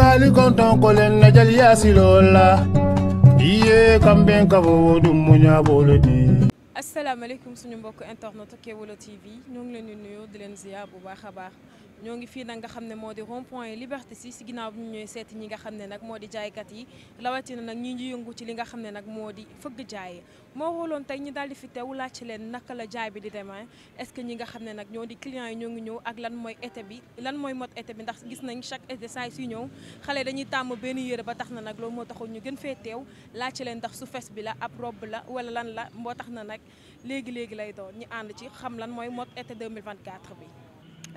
ngali konton kolen na jali yasilola iye kamben kabo dum munya boledi bolodi asalaamaaleykum suñu mbok internet Kéwoulo TV ñoo ngi leen di nuyu di leen ziar bu baakha baax ñoo fi fii nga xamné modi rond point liberté ci ci ginaaw ñu ñooy sét ñi nga xamné nak modi jaay kat jaaykat yi lawatina nak ñi ñu yëngu ci li nga xamné nak modi moo fëgg jaay mo woloon tay ñi daldi fi teew laajte leen naka la jaay bi di demee est-ce que ñi nga xamné nak nag ñoo di client yi ñoo ngi ñëw ak lan moy été bi lan moy mot été bi ndax gis nañ chaque été saa suy ñëw xale dañuy tàmm benn yëre ba tax na nag loolu moo taxoon ñu gën fee teew laajte leen ndax su fess bi la ab robe la wala lan la mo tax na nag légui léegi lay doon ñi and ci xam lan moy mot été 2024 bi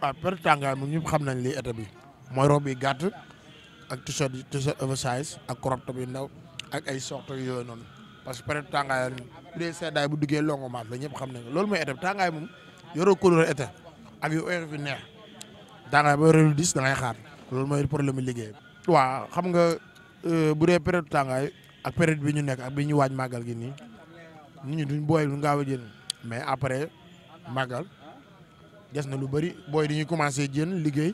à part tàngaay moom ñëpp xam nañ lii été bi mooy robe yi gàtt ak t-shirt t-shirt ak crop top yu ndaw ak ay sorte yooyu noonu parce que peut-être tàngaay bu dee seddaay bu duggee longu maat la xam nañ loolu mooy été bi tàngaay moom yoroo couleur été ak yu oyof yu neex tàngaay loolu mooy problème bi liggéey waaw xam nga euh, bu dee période tàngaay ak période bi ñu nekk ak bi ñu waaj màggal gi nii nit ñi duñ booyee lu gaaw a jënd mais après màggal des na lu bari boy dañuy commencé jën liggéey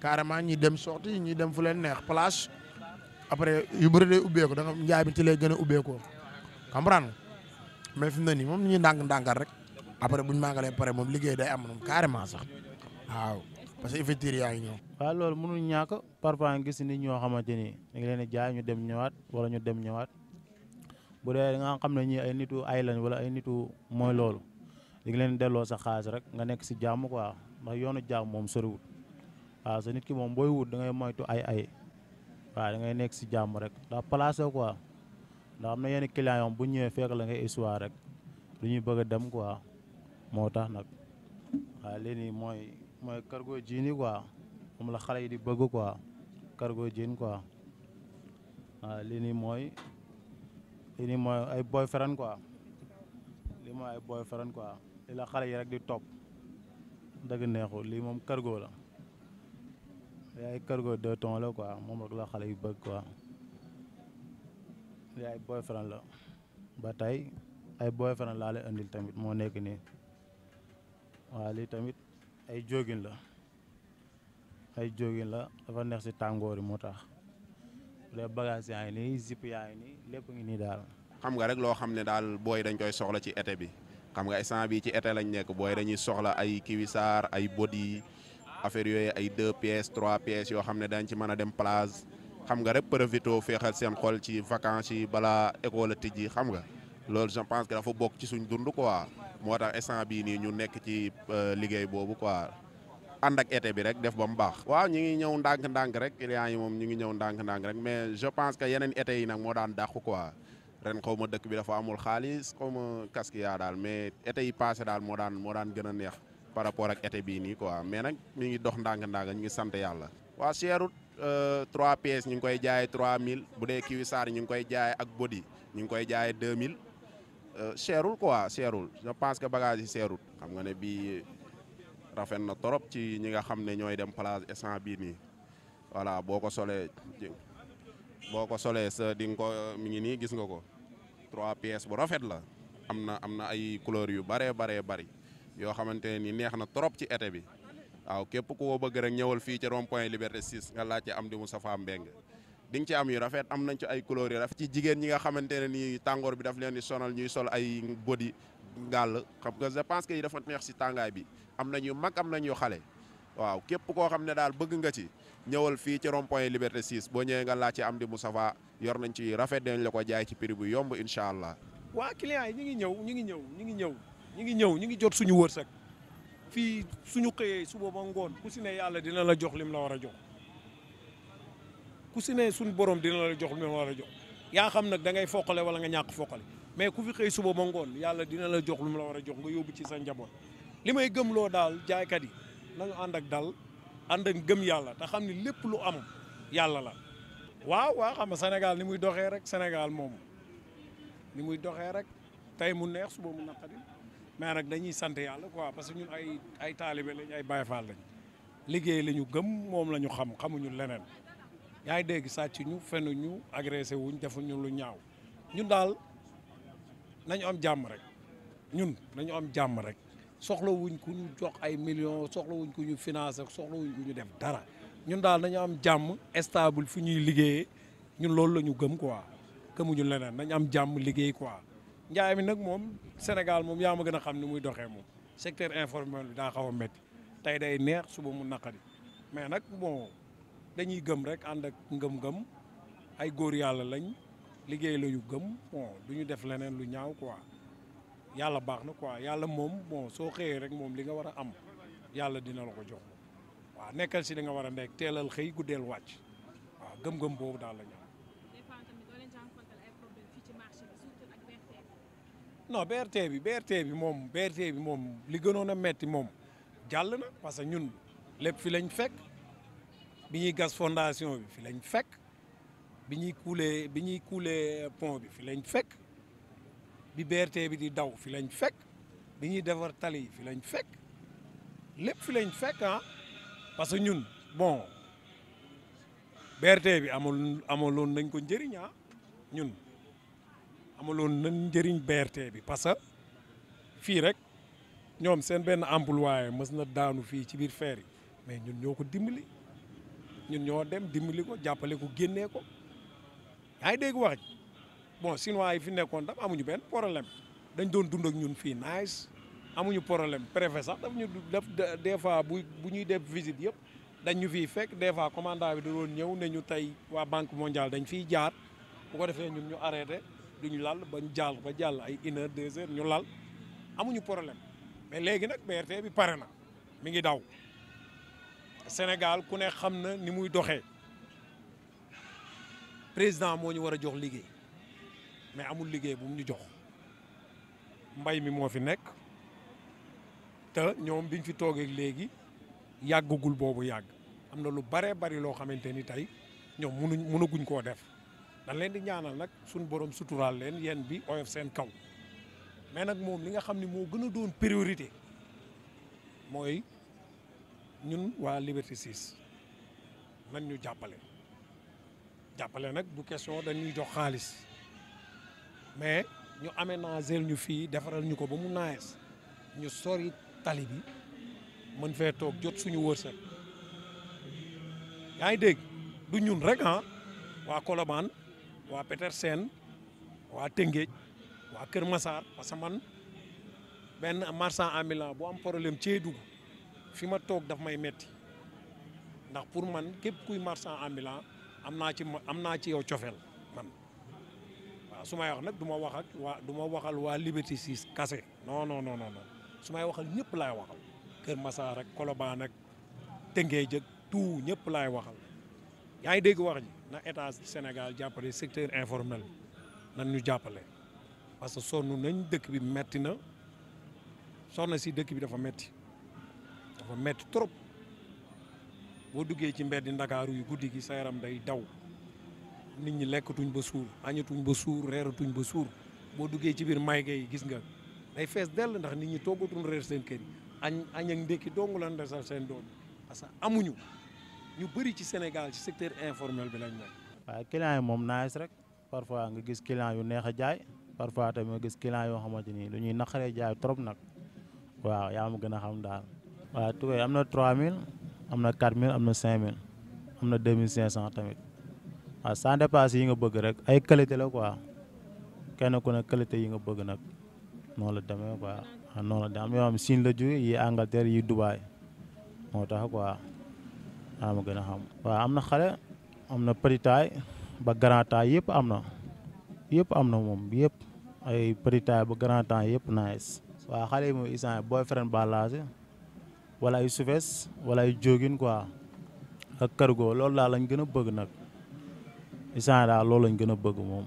carrément ñi dem sorti ñi dem fu len neex place après yu bari day ko da nga ñay bi ci lay gëna a ko comprendre mais fimna ni mom ñi moom ñuy rek après buñ mangalé paré mom liggéey day am moom carrément sax waaw parce que effectivement yaa ñoo wa lool mënu mënul ñàkk nga gis ni ñoo xamanteni ni da nga leen jaay ñu dem ñëwaat wala ñu dem ñëwaat bu dé nga xamné ñi ay nitu ay lañ wala ay nitu moy loolu. di ngi leen delloo sa xaalis rek nga nekk si jàmm quoi ndax yoonu jàmm moom soriwut waaw sa nit ki moom booy wut da ngay moytu ay ay waaw da ngay nekk si jàmm rek ndax place quoi ndax am na yenn client yoom bu ñëwee fekk la nga histoire rek lu ñuy bëgg a dem quoi moo tax nag waaw lii mooy mooy cargo jean yi quoi moom la xale yi di bëgg quoi kargo jean quoi waaw lii mooy lii mooy ay boyfriend quoi lii mooy ay boyfriend quoi li la xale yi rek di toog dëgg neexul lii moom cargo la yaay cargo deux tons la moom rek la xale yu bëgg quoi yaay boyfriend la ba tey ay boyfriend laa lay indil tamit moo nekk nii waaw lii tamit ay jógin la ay jógin la dafa neex si tàngoor yi moo tax les bagages yaa ngi nii zip yaa nii lépp ngi nii daal. xam nga rek loo xam ne daal booy dañ koy soxla ci été bi xam nga instant bi ci été lañ nekk booy ah. dañuy soxla ay kiwisaar ay body affaire yooyu ay deux pièces trois pièces yoo xam ne dañ ci mën a dem plage xam nga rek profité féexal seen xol ci vacance yi bala école a tijji xam nga loolu je pense que dafa bokk ci suñ dund quoi moo tax instant bii nii ñu nekk ci euh, liggéey boobu quoi ànd ak été bi rek def ba mu baax. waaw ñu ngi ñëw ndànk-ndànk rek clients yi moom ñu ngi ñëw ndànk-ndànk rek mais je pense que yeneen été yi nag moo daan dàq quoi. ren xawma dekk bi dafa amul xaalis xaw casque ya dal mais été yi passé dal mo dan mo dan gëna neex par rapport ak été bi ni quoi mais nak mi ngi dox ndang ndànk ñi ngi yalla wa cheru cherut 3 euh, pièces ñu ngi koy jaay 3000 bu dee kiwi saar ñu ngi koy jaay ak body ñu ngi koy jaay 2000 euh, cherul quoi cherul je pense que bagage yi cherut xam nga né bi rafen na torop ci ñi nga xamné ñoy dem place essence bi ni voilà boko solé boko solé ko solee sa di ko mi ngi ni gis nga ko. trois pièces bu rafet la am na am na ay couleurs yu baree baree bari yoo xamante ne ni neex na trop ci été bi waaw képp ku ko bëgg rek ñëwal fii ci rond point Liberté 6 nga laajtee am di Moustapha Mbeng di nga ci am yu rafet am nañ ci ay couleurs yu rafet ci jigéen ñi nga xamante ne nii tàngoor bi daf leen di sonal ñuy sol ay body gàll xam nga je pense que yi dafa neex si tàngaay bi am na yu mag am nañ yu xale waaw képp koo xam ne daal bëgg nga ci ñëwal fii ci rond point Liberté 6 boo ñëwee nga laaj ci Amdi Moustapha yor nañ ci rafet dañ la ko jaay ci prix bu yomb incha allah. waa client yi ñu ngi ñëw ñu ngi ñëw ñu ngi ñëw ñu ngi ñëw ñu ngi jot suñu wërsëg fii suñu xëyee suba ba ngoon ku si ne yàlla dina la jox lim la war a jox ku si ne suñu borom dina la jox lim la war a jox yaa xam nag da ngay foqale wala nga ñàkk foqale mais ku fi xëy suba ba ngoon yàlla dina la jox lim la war a jox nga yóbbu ci sa njaboot li may gëmloo daal jaaykat yi nañu ànd ak dal. ànd ak gëm yàlla te xam ne lépp lu am yàlla la. waaw waa xam nga Sénégal ni muy doxee rek Sénégal moom ni muy doxee rek tey mu neex suba mu naqari mais nag dañuy sant yàlla quoi parce que ñun ay ay taalibe lañ ay Baay Faal lañ liggéey lañu gëm moom la ñu xam xamuñu leneen yaa ngi dégg sàcc ñu fenu ñu agressé wuñ defuñu lu ñaaw ñun daal nañu am jàmm rek ñun nañu am jàmm rek. soxlawuñ ku ñu jox ay millions wuñ ku ñu financé soxlawuñ ku ñu def dara ñun daal nañu am jàmm stable fu ñuy liggéeyee ñun loolu la ñu gëm quoi gëmuñu leneen nañ am jàmm liggéey quoi njaay mi nag moom Sénégal moom yaa ma gën a xam ni muy doxee moom secteur informel bi daa xaw a tey day neex suba mu naqadi mais nag moo dañuy gëm rek ànd ak ngëm-ngëm ay góor yàlla lañ liggéey la gëm bon du ñu def leneen lu ñaaw quoi yàlla baax na quoi yàlla moom bon soo xëyee rek moom li nga war a am yàlla dina la ko jox waaw nekkal si li nga war a nekk teelal xëy guddeel wàcc waaw gëm-gëm boobu daal la ñu am. BRT bi BRT bi moom BRT bi moom li gënoon a metti moom jàll na parce que ñun lépp fi lañ fekk bi ñuy gas fondation bi fi lañ fekk bi ñuy kuulee bi ñuy kuulee pont bi fi lañ fekk. bi BRT bi di daw fi lañ fekk bi ñuy defar tali fi lañ fekk lépp fi fekk ah parce que ñun bon BRT bi amul amaloon nañ ko njëriñ ah ñun amaloon nañ njëriñ BRT bi parce que fii rek ñoom seen benn employé mës na daanu fii ci biir feer yi mais ñun ñoo ko dimbali ñun ñoo dem dimbali ko jàppale ko génnee ko yaa ngi dégg wax bon chinois yi fi nekkoon tam amuñu benn problème dañ doon dund ak ñun fii nice amuñu problème préfet sax daf ñu def des fois bu bu ñuy def visite yëpp dañ ñu fii fekk des fois commandant bi da doon ñëw ne ñu tey waa banque mondiale dañ fiy jaar bu ko defee ñun ñu arrêté ñu lal bañ jàll ba jàll ay une heure deux heures ñu lal amuñu problème mais léegi nag BRT bi pare na mi ngi daw Sénégal ku ne xam na ni muy doxee président moo ñu war a jox liggéey mais amul liggéey bu mu ñu jox mbay mi moo fi nekk te ñoom biñ fi toogee léegi yàggagul boobu yàgg am na lu baree bari loo xamante ni tey ñoom munuñ munaguñ koo def dañ leen di ñaanal nag suñ borom suturaal leen yeen bi oyof seen kaw mais nag moom li nga xam ni moo gën a doon priorité mooy ñun waa Liberté 6 nañ ñu jàppale jàppale nag du question dañuy jox xaalis mais ñu aménager ñu fii defaral ñu ko ba mu naayees ñu sori tali bi mën fee toog jot suñu wërsëg yaa ngi dégg du ñun rek ah waa Colobane waa Petersen waa Tëngéej waa Kër Massar parce que man benn marchand ambulant bu am problème cee dugg fi ma toog daf may metti ndax pour man képp kuy marchand ambulant am naa ci am naa ci yow cofeel waaw su may wax nag du ma wax ak waa du ma waxal waa Liberté 6 kase non non non non su may waxal ñëpp laay waxal Kër Massar ak Colobane ak Tëngéej ak tout ñëpp laay waxal yaa ngi dégg wax ji na état Sénégal jàppale secteur informel nan ñu jàppale parce que sonn nañ dëkk bi metti na sonn si dëkk bi dafa metti dafa metti trop boo duggee ci mbedd Ndakaaru yu guddi gi sa yaram day daw nit ñi lekkatuñ ba suur añatuñ ba suur reeratuñ ba suur boo duggee ci biir mayga yi gis nga day fees dell ndax nit ñi toggatuñ reer seen kër yi añ añ ak ndékki dong lan desal seen doon parce que amuñu ñu bëri ci Sénégal ci secteur informel bi lañ nekk. waaye client yi moom nice rek parfois nga gis client yu neex a jaay parfois tamit nga gis client yoo xamante ni dañuy ñuy naqaree jaay trop nag waaw yaa ma gën a xam daal. waaw tukkee am na 3000 am na 4000 am na 5000 am na 2500 tamit. waaw sans dépasse yi nga bëgg rek ay qualité la quoi kenn ku ne qualité yi nga bëgg nag noonu la demee quoi ah noonu la demee yoo yi Angleterre yi Dubaay moo tax quoi daa gën a xam. waa am na xale am na petit taille ba grand yëpp am na yëpp am na moom yëpp ay petit taille ba grand yëpp nice. waaw xale yi moom isaan boyfriend balaase wala ay sufes wala ay jógin quoi ak cargo loolu laa lañ gën a bëgg nag. instant daal loolu lañ gën a bëgg moom.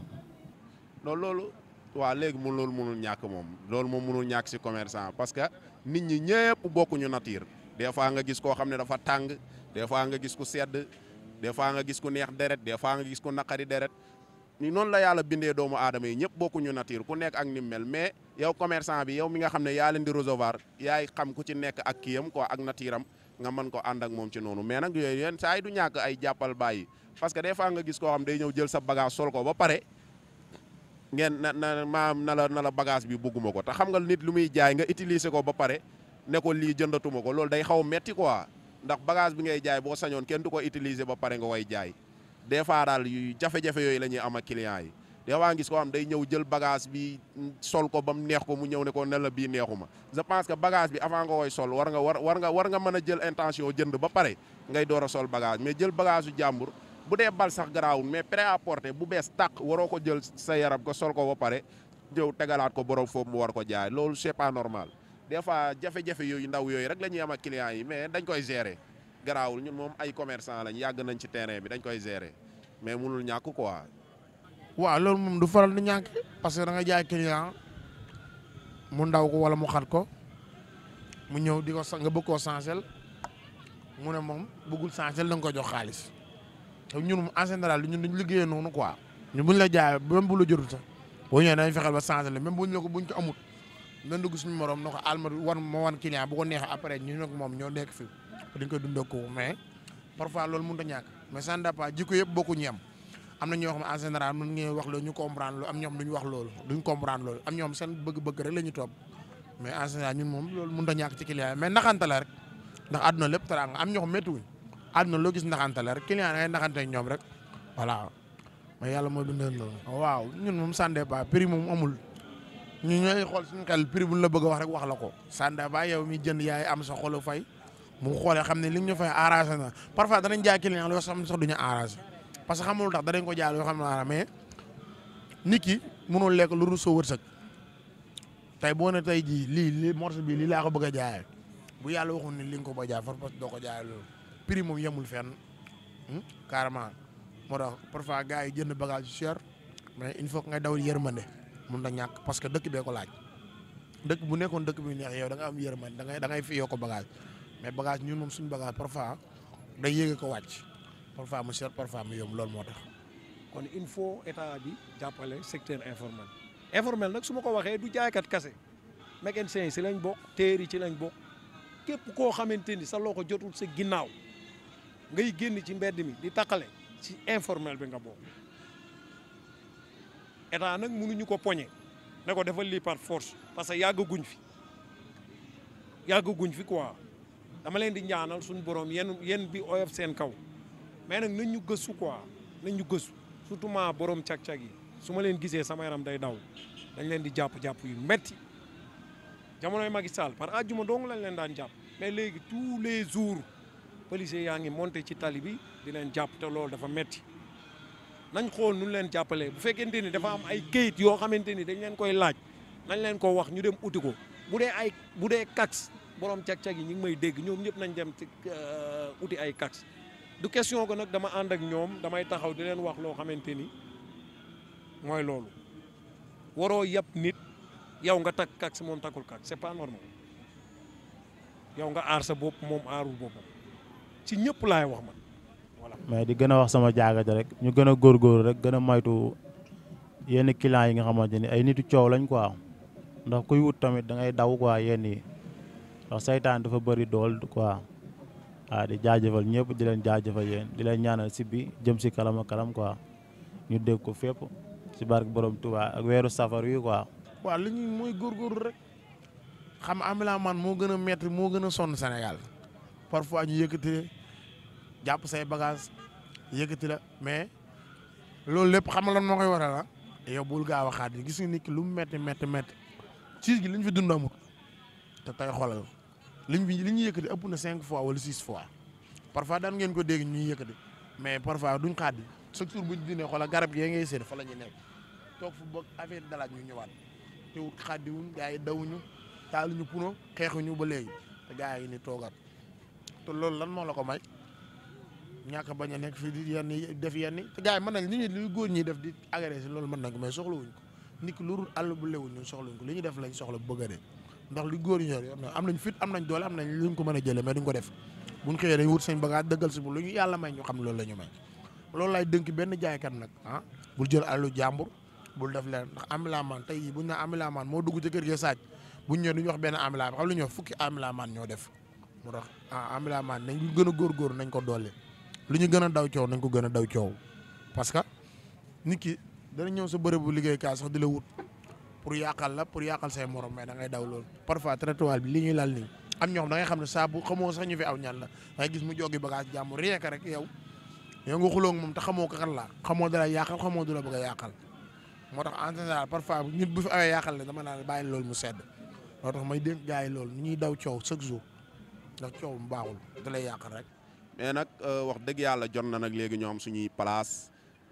non loolu waaw léegi mu loolu mënul ñàkk moom loolu moom mënul ñàkk si commerçant parce que nit ñi ñëpp bokkuñu nature des fois nga gis koo xam ne dafa tàng des fois nga gis ku sedd des fois nga gis ko neex deret des fois nga gis ku naqari deret ni noonu la yàlla bindee doomu aadama yi ñëpp bokkuñu nature ku nekk ak ni mel mais yow commerçant bi yow mi nga xam ne yaa leen di recevoir yaay xam ku ci nekk ak kiyam ko ak natiiram nga mën ko ànd ak moom ci noonu mais nag yooyu yenn saa yi du ñàkk ay jàppal baay parce que des fois nga gis ko xam day ñëw jël sa bagage sol ko ba pare ngeen na na maam na la na bagage bi bugguma ko te xam nga nit lu muy jaay nga utiliser ko ba pare ne ko lii jëndatuma ko loolu day xaw metti quoi ndax bagage bi ngay jaay boo sañoon kenn du ko utiliser ba pare nga koy jaay des fois daal yu jafe-jafe yooyu la ñuy am a client yi des fois ngis koo xam day ñëw jël bagage bi sol ko ba mu neex ko mu ñëw ne ko ne la bii neexu ma je que bagage bi avant nga koy sol war nga war war nga war nga mën a jël intention jënd ba pare ngay door a sol bagage mais jël bagage su jàmbur bu dee bal sax garaawul mais prêt à porter bu bees tàq waroo ko jël sa yaram ko sol ko ba pare jëw tegalaat ko borom foofu mu war ko jaay loolu c'est pas normal des fois jafe-jafe yooyu ndaw yooyu rek la ñuy am ak clients yi mais dañ koy gérer garaawul ñun moom ay commerçant lañ yàgg nañ ci terrain bi dañ koy gérer mais mënul ñàkk quoi wa loolu mom du faral ni ñank parce que da nga jaay client mu ndaw ko wala mu xat ko mu ñew diko ko nga bëgg koo sancel mu ne mom bëggul sansel da nga ko jox xaaliss taw ñun en général ñun dañu liggéey nonu quoi ñu buñ la jaay bu bu lu jurul sax bo ñu dañ fexal ba sansel même buñ la ko buñ ko amut dañ dugg suñu morom nako almar war mo wan client bu ko neex après ñu nag mom ñoo nekk fi dañ ko dundoko mais parfois loolu mu a ñak mais ça ne pas jikko yëpp bokku ñam am na ñoo xam en général mën ngeen wax loolu ñu comprendre loolu am ñoom duñ wax loolu duñ comprendre loolu am ñoom seen bëgg-bëgg rek la topp mais en général ñun moom loolu mënut a ñàkk ci client mais naxante la rek ndax àdduna lépp teraanga am ñoo xam méttiwuñ loo gis naxante la rek client ngay naxante ak ñoom rek voilà mais yàlla mooy bindal loolu. waaw ñun moom sànde ba moom amul ñu ñooy xool suñu xel prix buñ la bëgg wax rek wax la ko sànde ba yow mi jënd yaay am sa xolu fay mu xoolee xam ne li ñu fay arrangé na parfois danañ jaay client loo xam ne sax duñu arrangé parce que xamul tax danañ ko jaal yoo xam naa mais niki mënul lek lu dul soo tay bo boo ne tey jii li lii morceau bi li la ko bëgg jaay bu yalla waxu ni li ko ba jaay parce que do ko jaay loolu prix mom yamul fenn hmm, carrément mo tax parfois gaay jënd bagage cher mais il faut nga ngay daw yërmande mun na ñak parce que dëkk bee ko laaj dëkk bu nekkon dëkk bi neex yow da nga am yermane da ngay da ngay fi yoo ko bagage mais bagage ñun mom suñu bagage parfois da yéggé ko wacc parfois mu cher parfois mu yomb loolu kon il faut état bi jappalé secteur informel informel nak suma ko waxé du kat kase mécanicien ci lañ bok téri ci lañ bok képp ko xamante sa loko jotul sa ginnaw ngay génn ci mbéd mi di takalé ci informel bi nga bok état nag mënuñu ko pogné ne ko defal par force parce que guñ fi guñ fi quoi dama leen di ñaanal suñu borom yeen yeen bi oyof sen kaw. mais nag na ñu gësu quoi nañ ñu gëstu surtout ma borom cag-cag yi su ma leen gisee sama yaram day daw dañ leen di jàpp-jàpp yu metti jamonoy Macky Sall par àjjuma dong lañ leen daan jàpp mais léegi tous les jours policiers yaa ngi monté ci tali bi di leen jàpp te loolu dafa metti nañ xool nu leen jàppalee bu fekkente ni dafa am ay kayit yoo xamante ni dañ leen koy laaj nañ leen ko wax ñu dem uti ko bu dee ay bu dee kax borom cag-cag yi ñu ngi may dégg ñoom ñëpp nañ dem ci euh, uti ay kax du question ko dama ànd ak dama damay taxaw di leen wax loo xamante ni mooy loolu nit yow nga tak kak si moom takkul kak c'est pas normal yow nga aar sa bopp moom aarul boppam ci ñëpp laay wax man voilà. mais di gën a wax sama jaagate rek ñu gën a góorgóorlu rek gën a moytu yenn clients yi nga xamante ay nitu coow lañ quoi ndax kuy wut tamit da ngay daw quoi dafa quoi. waaw di jaajëfal ñëpp di leen jaajëfal yéen di leen ñaanal si bi jëm si kanam ak kanam quoi ñu dégg ko fépp si barke borom Touba ak weeru safar yi quoi. waa li ñuy mooy góorgóorlu rek xam amila man moo gën a metti moo gën a sonn Sénégal parfois ñu yëkkati jàpp say bagage yëkkati la mais loolu lépp xam nga lan moo koy waral a ah? yow bul gaaw a xaar gis nga nit ki lu mu métti métti métti ci gi li ñu fi dund amul te tey xoolal. liñ li ñu na cinq fois wala six fois parfois daan ngeen ko dégg ñuy yëkkati mais parfois duñ xaadi chaque jour buñ dine xoola garab gi ngay seen fa la ñuy nekk toog fu boog affaire dalaaj ñu ñëwaat te wut xaddiwuñ gars yi dawuñu taaluñu puno xeexuñu ba léegi te ni toogaat te loolu lan moo la ko may ñàkk bañ nekk fii di yenn def yenn te gars mën nañ li ñi def di agressé loolu mën nañ ko mais soxlawuñ ko nit ki lu dul àll bu léwu ñun soxlawuñ ko li def lañ soxla bëgg a ndax lu góor ñor yor na am nañ fit am nañ doole am nañ luñ ko mën a jëlee mais duñ ko def buñ xëyee dañ wut seen bagage dëggal si bu lu ñu yàlla may ñu xam loolu ñu may loolu laay dënk benn jaaykat nag ah bul jël àllu jàmbur bul def leen ndax amilamaan tey yi buñ na amilamaan moo dugg ci kër gi saaj buñ ñëw duñu benn amilamaan xam lu ñu wax fukki amilamaan ñoo def moo tax ah nañ ñu gën a góor góor nañ ko doole lu ñu gën a daw coow nañ ko gën a daw coow parce que nit ki dana ñëw sa bërëbu liggéeykaay sax di la wut pour yàqal la pour yàqal say morom mais da ngay daw loolu parfois trottoir bi li ñuy lal nii am ñoo xam da xam ne saa bu xamoo sax ñu fi aw ñan la dangay gis mu joggi bagage jàmm rien que rek yow yow nga xuloo ko kan la xamoo dala yàqal xamoo du la bëgg a yàqal moo tax en général parfois nit bu fi awee yàqal ne dama naan bàyyi loolu mu sedd moo tax may dénk gars yi loolu ni ñuy daw coow chaque jour ndax coow mu baaxul da lay yàqal rek mais nag euh, wax dëgg yàlla jot na nag léegi ñoo am suñuy place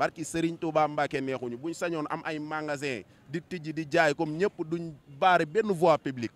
barki Serigne Touba Mbacke neexuñu buñ sañoon am ay magasin di tijji di jaay comme ñëpp duñ baare benn voie publique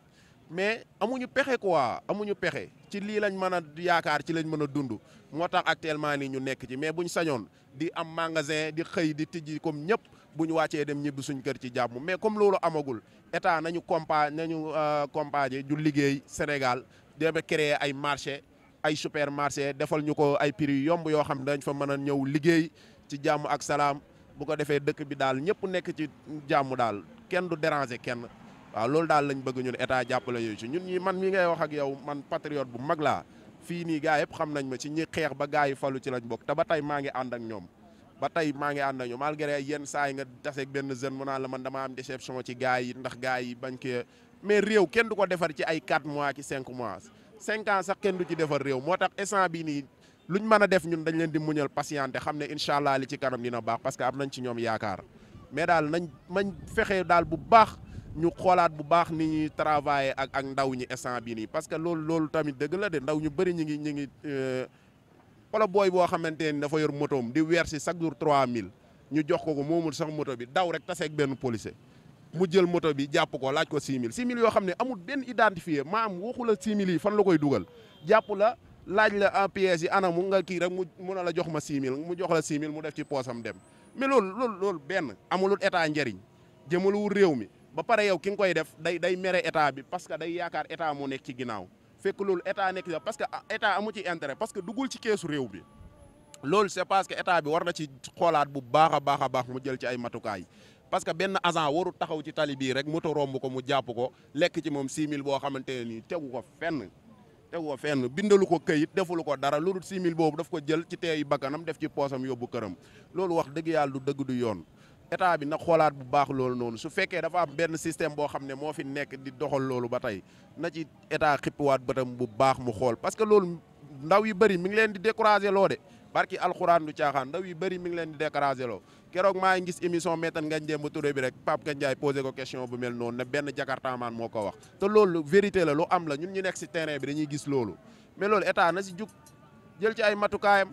mais amuñu pexe quoi amuñu pexe ci lii lañ mën a yaakaar ci lañ mën a dund moo tax actuellement nii ñu nekk ci mais buñ sañoon di am magasin di xëy di tijji comme ñëpp bu ñu wàccee dem ñibbi suñ kër ci jàmm mais comme loolu amagul état nañu compa nañu euh, compagnie ju liggéey Sénégal dama créer ay marché ay marché defal ñu ko ay prix yu yomb yoo xam dañ fa mën a ñëw liggéey. ci jàmm ak salaam bu ko defee dëkk bi daal ñëpp nekk ci jàmm daal kenn du déranger kenn waaw loolu daal lañ bëgg ñun état jàppale yooyu ci ñun ñi man mi ngay wax ak yow man patriote bu mag laa fii nii gaa yëpp xam nañ ma ci ñi xeex ba gars yi falu ci lañ bokk te ba tey maa ngi ànd ak ñoom ba tey maa ngi ànd ak ñoom malgré yenn saa yi nga taseeg benn jeune mu la man dama am déception ci gars yi ndax gars yi bañ ko mais réew kenn du ko defar ci ay 4 mois ci 5 mois 5 ans kenn du ci defar réew moo tax instant bii nii luñ mën a def ñun dañ leen di muñal patienté xam ne incha allah li ci kanam dina baax parce que am nañ ci ñoom yaakaar mais daal nañ mañ fexe daal bu baax ñu xoolaat bu baax ni ñuy travailler ak ak ndaw ñi instant bii nii parce que loolu loolu tamit dëgg la de ndaw ñu bëri ñu ngi ñu ngi euh, wala booy boo xamante ni dafa yor motoom di weer si chaque jour mille ñu jox ko ko moomul sax moto bi daw rek taseeg benn policier mu jël moto bi jàpp ko laaj ko 6000 6000 yoo xam ne amul benn identifié maam waxu la 6000 fan la koy dugal jàpp la. laaj la pièces ana mu nga kii rek mu mun a la jox ma 6000 mu jox la mu def ci poosam dem mais loolu loolu loolu benn amulul état njëriñ jëmalul réew mi ba pare yaw ki nga koy def day day mere état bi parce que day yaakaar état moo nekk ci ginnaaw fekk loolu état nekk ci parce que ah, état amu ci intérêt parce que dugul ci keesu réew bi loolu c'est parce que état bi war na ci xoolaat bu baaxa a baax a mu jël ci ay matukaay parce que benn agent waru taxaw ci tali bii rek moto romb ko mu jàpp ko lekk ci moom 6000 boo xamante ne nii tegu ko fenn. tegu ko fenn bindalu ko kayit defulu ko dara lu six mille boobu daf ko jël ci teeyu bakkanam def ci poosam yóbbu këram loolu wax dëgg yàlla du dëgg du yoon état bi nag xoolaat bu baax loolu noonu su fekkee dafa am benn système boo xam ne moo fi nekk di doxal loolu ba tey na ci état xippiwaat bëtam bu baax mu xool parce que loolu ndaw yi bëri mi ngi leen di décourager loo de barki alxuraan du caaxaan ndaw yi bëri mi ngi leen di découragé loo keroog maa ngi gis émission métan ngañ démb Touré bi rek Pape Gandiaye posé ko question bu mel noonu ne benn jakartaamaan moo ko wax te loolu vérité la lu am la ñun ñu nekk si terrain bi dañuy gis loolu mais loolu état na si jug jël ci ay matukaayam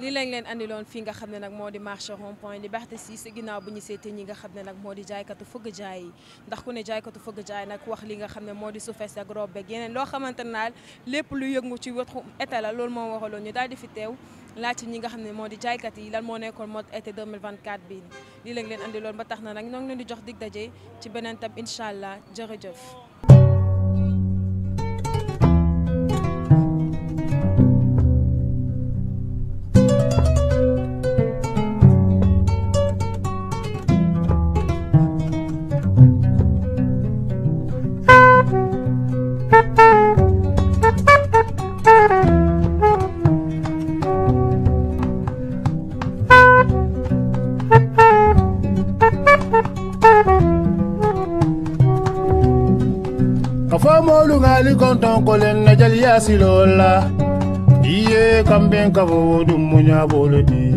lii lañ leen andiloon fii nga xam ne nag moo di marché rond point liberté 6 ginnaaw bu ñu seetee ñi nga xam ne nag moo di jaaykatu fëgg jaay yi ndax ku ne jaaykatu fëgg jaay nag wax li nga xam ne moo di suufees ak robe beeg yeneen loo xamante naal lépp lu yëngu ci wetu été la loolu moo waraloon ñu daal di fi teew laajte ñi nga xam ne moo di jaaykat yi lan moo nekkoon mode été 2024 bii lii lañ leen andiloon ba tax na nag ñoo leen di jox dig daje ci beneen tam incha allah jërëjëf mali kɔntɔn kolen na jaliya silo la i ye kanbɛn ka fɔ o